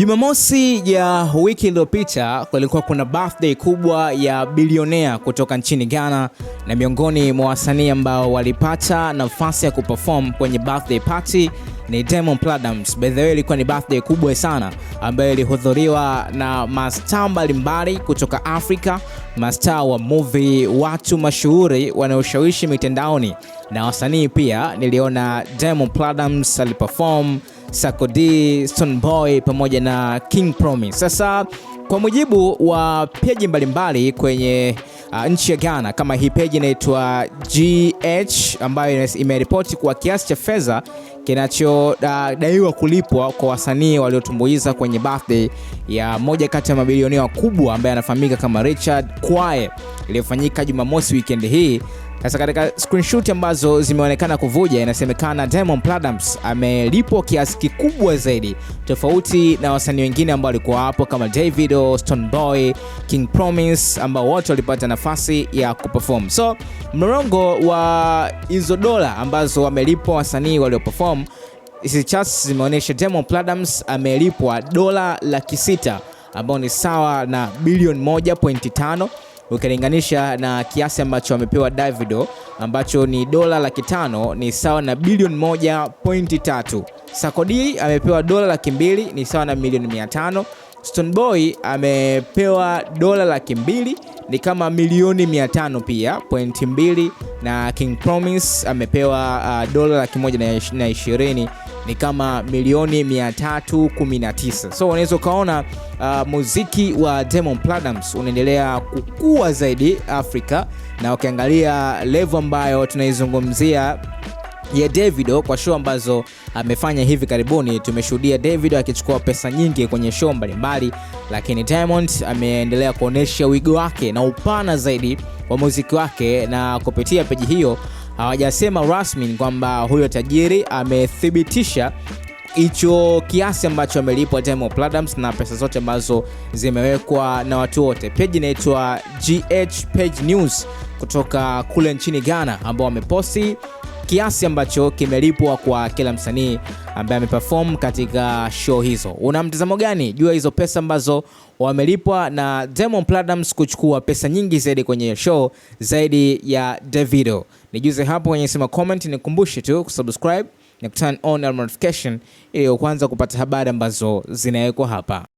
Jumamosi ya wiki iliyopita kulikuwa kuna birthday kubwa ya bilionea kutoka nchini Ghana, na miongoni mwa wasanii ambao walipata nafasi ya kuperform kwenye birthday party ni Diamond Platnumz. By the way, ilikuwa ni birthday kubwa sana ambayo ilihudhuriwa na mastaa mbalimbali kutoka Afrika, mastaa wa movie, watu mashuhuri wanaoshawishi mitandaoni na wasanii pia. Niliona Diamond Platnumz aliperform Sako D, Boy pamoja na King Promise. Sasa kwa mujibu wa peji mbalimbali kwenye uh, nchi ya Ghana kama hii peji inaitwa GH ambayo imeripoti kuwa kiasi cha fedha kinachodaiwa uh, kulipwa kwa wasanii waliotumbuiza kwenye birthday ya moja kati ya mabilionea wakubwa ambaye anafahamika kama Richard Kwae iliyofanyika Jumamosi wikendi hii sasa katika screenshot ambazo zimeonekana kuvuja, inasemekana Diamond Platnumz amelipwa kiasi kikubwa zaidi tofauti na wasanii wengine ambao walikuwa hapo kama Davido, Stone Boy, King Promise ambao wote walipata nafasi ya kuperform. So mlolongo wa hizo dola ambazo wamelipwa wasanii walioperform Just zimeonyesha Diamond Platnumz amelipwa dola laki sita ambao ni sawa na bilioni 1.5 ukilinganisha na kiasi ambacho amepewa Davido ambacho ni dola laki tano ni sawa na bilioni moja pointi tatu. Sarkodie amepewa dola laki mbili ni sawa na milioni mia tano. Stone Boy amepewa dola laki mbili ni kama milioni mia tano pia pointi mbili, na King Promise amepewa uh, dola laki moja na ishirini ni kama milioni 319. So unaweza ukaona uh, muziki wa Diamond Platnumz unaendelea kukua zaidi Afrika, na ukiangalia level ambayo tunaizungumzia ya Davido kwa show ambazo amefanya hivi karibuni, tumeshuhudia Davido akichukua pesa nyingi kwenye show mbalimbali, lakini Diamond ameendelea kuonesha wigo wake na upana zaidi wa muziki wake, na kupitia peji hiyo hawajasema rasmi kwamba huyo tajiri amethibitisha hicho kiasi ambacho amelipwa Diamond Platnumz na pesa zote ambazo zimewekwa na watu wote. Page inaitwa GH Page News kutoka kule nchini Ghana ambao wameposti kiasi ambacho kimelipwa kwa kila msanii ambaye ameperform katika show hizo. Una mtazamo gani juu ya hizo pesa ambazo wamelipwa na Diamond Platnumz kuchukua pesa nyingi zaidi kwenye show zaidi ya Davido? Nijuze hapo kwenye sema comment, nikumbushe tu kusubscribe na turn on notification ili kwanza kupata habari ambazo zinawekwa hapa.